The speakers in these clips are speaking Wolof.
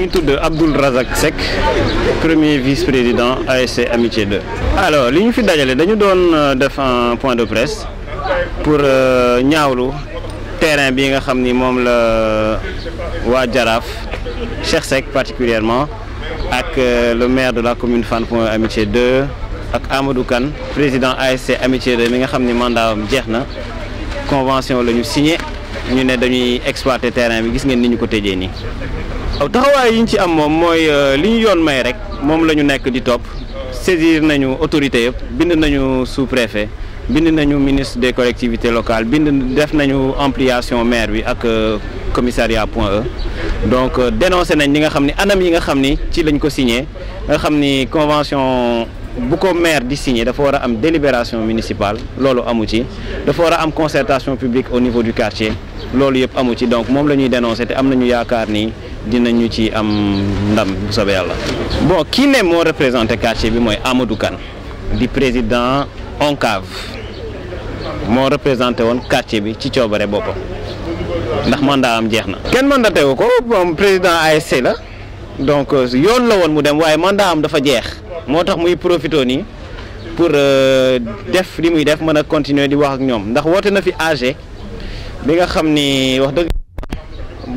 maa ngi de Razak Seck premier vice-président ASC Amitié 2 alors nous ñu fi donne dañu euh, def un point de presse pour euh, ñaawlu terrain bien nga xam le Wadjaraf, la euh, Cheikh Seck particulièrement ak le maire de la commune Fann Amitié 2 avec Amadou Kan, président ASC Amitié 2 mi nga xam Mandam mandatam convention la ñu signé ñu ne dañuy exploiter terrain bi gis ngeen ni de ko je taxawaay yi ci am saisir autorité sous-préfet bind ministre des collectivités locales bind def nañu ampliation maire euh, commissariat e. donc euh, dénoncé nañ li nga signé nga convention bu ko maire di signer, dafa délibération municipale loolu amu ci concertation publique au niveau du quartier donc moom la dénoncé te am dinañu ci am ndam bu soobee yàlla. bon ki ne moo représenté quartier bi mooy Amadou kan di président oncave moo représenté woon quartier bi ci coobare boppam ndax mandat am jeex na. kenn mandaté wu ko moom président ASC la donc euh, yoon la woon mu dem waaye mandat am dafa jeex moo tax muy profité nii pour euh, def li muy def mën a continuer di wax ak ñoom ndax woote na fi AG bi nga xam ni wax dëgg.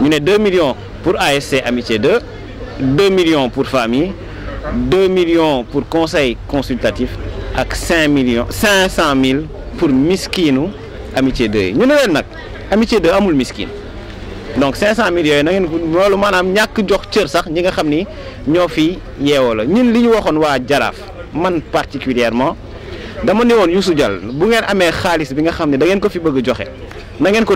Nous 2 millions pour ASC Amitié 2 2 millions pour famille 2 millions pour conseil consultatif et 5 millions 500 000 pour Miskin Amitié 2 Nous, ñu Amitié 2 amul miskin donc 500 millions, na ngeen nous avons jox sax ni fi nous man particulièrement dama Youssou dial bu ngeen amé xaliss bi nga da ngeen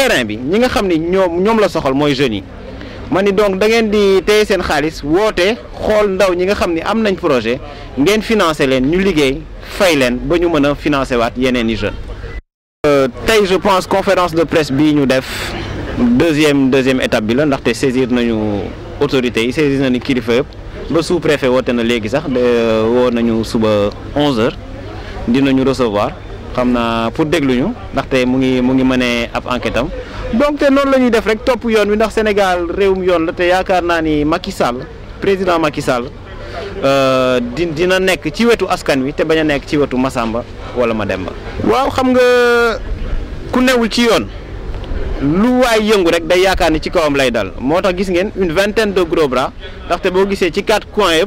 terrain bi ñi nga xam ni ñoom ñoom la soxal mooy jeunes yi ma ni donc da ngeen di téye seen xaalis woote xool ndaw ñi nga xam ni am nañ projet ngeen financé leen ñu liggéey fay leen ba ñu mën a financé waat yeneen i jeunes. Euh, tey je pense conférence de presse bii ñu def deuxième deuxième étape bi la ndaxte saisir nañu autorités yi saisir nañu kilifa yëpp ba sous préfet woote na léegi sax de euh, woo nañu suba 11h dinañu recevoir. xam naa pour déglu ñu ndaxte mu ngi mu ngi mëne ab enquête donc te noonu la ñuy def rek topp yoon wi ndax Sénégal réewum yoon la te yaakaar naa ni Macky Sall président Macky Sall euh, di dina nekk ci wetu askan wi te bañ a nekk ci wetu Massamba wala Mademba. waaw xam nga ku newul ci yoon lu waay yëngu rek day yaakaar ni ci kawam lay dal moo tax gis ngeen une vingtaine de gros bras ndaxte boo gisee ci quatre coins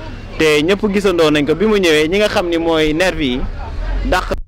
te ñëpp gisandoo nañ ko bi mu ñëwee ñi nga xam ni mooy nervi yi dàq